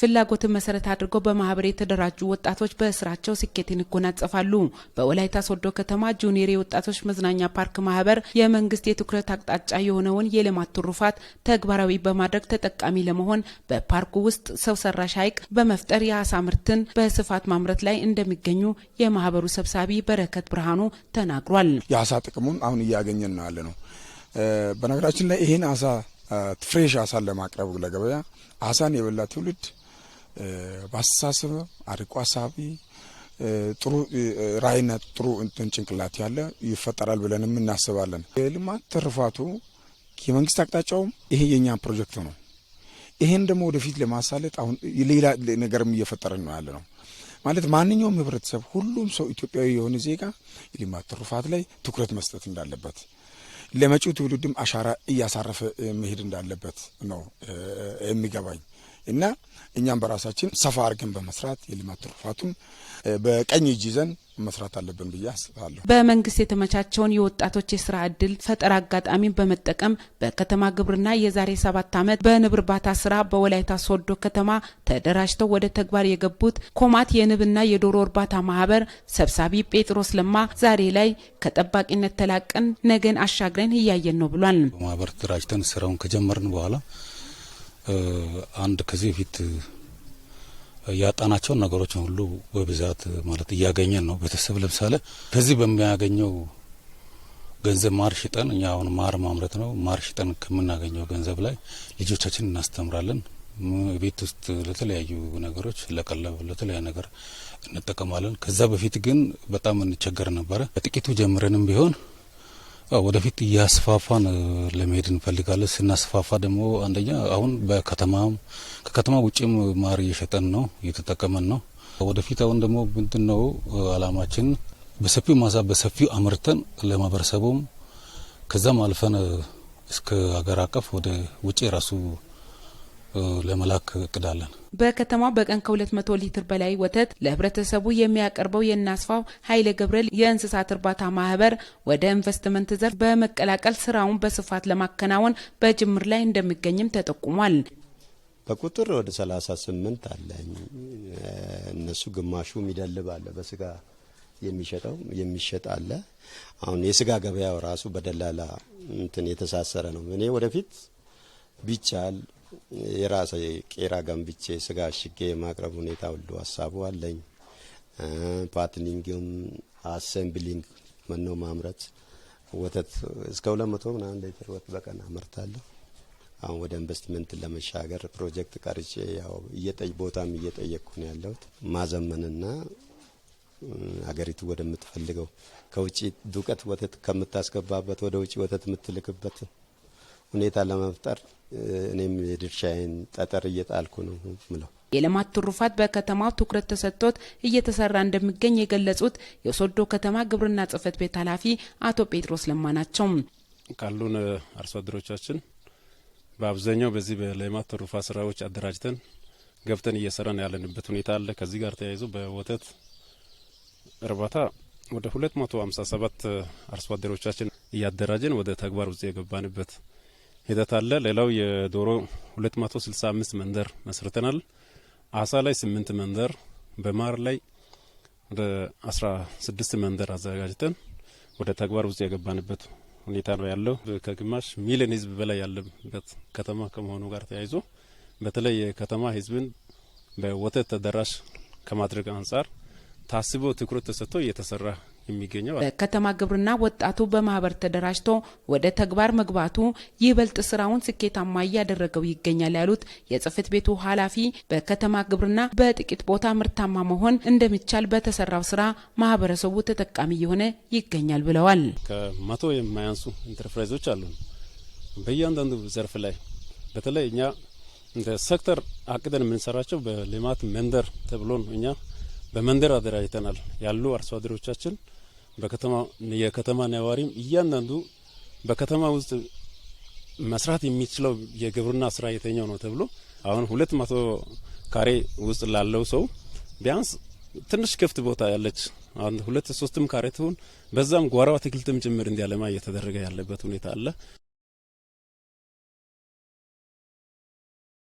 ፍላጎትን መሰረት አድርገው በማህበር የተደራጁ ወጣቶች በስራቸው ስኬትን ይጎናጸፋሉ። በወላይታ ሶዶ ከተማ ጁኒየር የወጣቶች መዝናኛ ፓርክ ማህበር የመንግስት የትኩረት አቅጣጫ የሆነውን የልማት ትሩፋት ተግባራዊ በማድረግ ተጠቃሚ ለመሆን በፓርኩ ውስጥ ሰው ሰራሽ ሐይቅ በመፍጠር የአሳ ምርትን በስፋት ማምረት ላይ እንደሚገኙ የማህበሩ ሰብሳቢ በረከት ብርሃኑ ተናግሯል። የአሳ ጥቅሙን አሁን እያገኘን ነው ያለ ነው። በነገራችን ላይ ይህን አሳ ፍሬሽ አሳን ለማቅረብ ለገበያ አሳን የበላ ትውልድ በአስተሳሰብ አርቆ አሳቢ ጥሩ ራዕይና ጥሩ እንትን ጭንቅላት ያለ ይፈጠራል ብለንም እናስባለን። የልማት ትርፋቱ የመንግስት አቅጣጫውም ይሄ የኛ ፕሮጀክት ነው። ይሄን ደግሞ ወደፊት ለማሳለጥ አሁን ሌላ ነገርም እየፈጠረ ነው ያለ ነው ማለት ማንኛውም ህብረተሰብ፣ ሁሉም ሰው ኢትዮጵያዊ የሆነ ዜጋ የልማት ትሩፋት ላይ ትኩረት መስጠት እንዳለበት ለመጪው ትውልድም አሻራ እያሳረፈ መሄድ እንዳለበት ነው የሚገባኝ እና እኛም በራሳችን ሰፋ አድርገን በመስራት የልማት ትሩፋቱን በቀኝ እጅ ይዘን መስራት አለብን ብዬ አስባለሁ። በመንግስት የተመቻቸውን የወጣቶች የስራ እድል ፈጠራ አጋጣሚን በመጠቀም በከተማ ግብርና የዛሬ ሰባት ዓመት በንብ እርባታ ስራ በወላይታ ሶዶ ከተማ ተደራጅተው ወደ ተግባር የገቡት ኮማት የንብና የዶሮ እርባታ ማህበር ሰብሳቢ ጴጥሮስ ለማ ዛሬ ላይ ከጠባቂነት ተላቀን ነገን አሻግረን እያየን ነው ብሏል። ማህበር ተደራጅተን ስራውን ከጀመርን በኋላ አንድ ከዚህ በፊት ያጣናቸውን ነገሮችን ሁሉ በብዛት ማለት እያገኘን ነው። ቤተሰብ ለምሳሌ ከዚህ በሚያገኘው ገንዘብ ማር ሽጠን እኛ አሁን ማር ማምረት ነው። ማር ሽጠን ከምናገኘው ገንዘብ ላይ ልጆቻችን እናስተምራለን። ቤት ውስጥ ለተለያዩ ነገሮች ለቀለብ፣ ለተለያዩ ነገር እንጠቀማለን። ከዛ በፊት ግን በጣም እንቸገር ነበረ። በጥቂቱ ጀምረንም ቢሆን ወደፊት እያስፋፋን ለመሄድ እንፈልጋለን። ስናስፋፋ ደግሞ አንደኛ አሁን በከተማም ከከተማ ውጭም ማር እየሸጠን ነው እየተጠቀመን ነው። ወደፊት አሁን ደግሞ ምንድን ነው አላማችን በሰፊው ማሳ በሰፊው አምርተን ለማህበረሰቡም ከዛም አልፈን እስከ ሀገር አቀፍ ወደ ውጭ ራሱ ለመላክ እቅዳለን። በከተማ በቀን ከ200 ሊትር በላይ ወተት ለህብረተሰቡ የሚያቀርበው የእናስፋው ኃይለ ገብርኤል የእንስሳት እርባታ ማህበር ወደ ኢንቨስትመንት ዘርፍ በመቀላቀል ስራውን በስፋት ለማከናወን በጅምር ላይ እንደሚገኝም ተጠቁሟል። በቁጥር ወደ 38 አለኝ። እነሱ ግማሹ ይደልባለ በስጋ የሚሸጠው የሚሸጥ አለ። አሁን የስጋ ገበያው ራሱ በደላላ እንትን የተሳሰረ ነው። እኔ ወደፊት ቢቻል የራሰ ቄራ ገንብቼ ስጋ አሽጌ የማቅረብ ሁኔታ ሁሉ ሀሳቡ አለኝ። ፓትኒንግም አሰምብሊንግ መኖ ማምረት ወተት እስከ ሁለት መቶ ምናምን ሊትር ወተት በቀን አመርታለሁ። አሁን ወደ ኢንቨስትመንት ለመሻገር ፕሮጀክት ቀርጬ ያው እየጠይ ቦታም እየጠየቅኩ ነው ያለሁት ማዘመንና ሀገሪቱ ወደምትፈልገው ከውጭ ዱቄት ወተት ከምታስገባበት ወደ ውጭ ወተት የምትልክበት ሁኔታ ለመፍጠር እኔም የድርሻዬን ጠጠር እየጣልኩ ነው ምለው። የልማት ትሩፋት በከተማው ትኩረት ተሰጥቶት እየተሰራ እንደሚገኝ የገለጹት የሶዶ ከተማ ግብርና ጽህፈት ቤት ኃላፊ አቶ ጴጥሮስ ለማ ናቸው። ካሉን አርሶ አደሮቻችን በአብዛኛው በዚህ በልማት ትሩፋት ስራዎች አደራጅተን ገብተን እየሰራን ያለንበት ሁኔታ አለ። ከዚህ ጋር ተያይዞ በወተት እርባታ ወደ ሁለት መቶ ሀምሳ ሰባት አርሶ አደሮቻችን እያደራጀን ወደ ተግባር ውስጥ የገባንበት ሂደት አለ። ሌላው የዶሮ 265 መንደር መስርተናል። አሳ ላይ 8 መንደር፣ በማር ላይ ወደ 16 መንደር አዘጋጅተን ወደ ተግባር ውስጥ የገባንበት ሁኔታ ነው ያለው። ከግማሽ ሚሊዮን ህዝብ በላይ ያለበት ከተማ ከመሆኑ ጋር ተያይዞ በተለይ የከተማ ህዝብን በወተት ተደራሽ ከማድረግ አንጻር ታስቦ ትኩረት ተሰጥቶ እየተሰራ የሚገኘው። በከተማ ግብርና ወጣቱ በማህበር ተደራጅቶ ወደ ተግባር መግባቱ ይበልጥ ስራውን ስኬታማ እያደረገው ይገኛል ያሉት የጽህፈት ቤቱ ኃላፊ በከተማ ግብርና በጥቂት ቦታ ምርታማ መሆን እንደሚቻል በተሰራው ስራ ማህበረሰቡ ተጠቃሚ እየሆነ ይገኛል ብለዋል። ከመቶ የማያንሱ ኢንተርፕራይዞች አሉ። በእያንዳንዱ ዘርፍ ላይ በተለይ እኛ እንደ ሴክተር አቅደን የምንሰራቸው በልማት መንደር ተብሎ ነው እኛ በመንደር አደራጅተናል ያሉ አርሶ አደሮቻችን የከተማ ነዋሪም እያንዳንዱ በከተማ ውስጥ መስራት የሚችለው የግብርና ስራ የተኛው ነው ተብሎ አሁን ሁለት መቶ ካሬ ውስጥ ላለው ሰው ቢያንስ ትንሽ ክፍት ቦታ ያለች አንድ ሁለት ሶስትም ካሬ ትሁን በዛም ጓሮ አትክልትም ጭምር እንዲያለማ እየተደረገ ያለበት ሁኔታ አለ።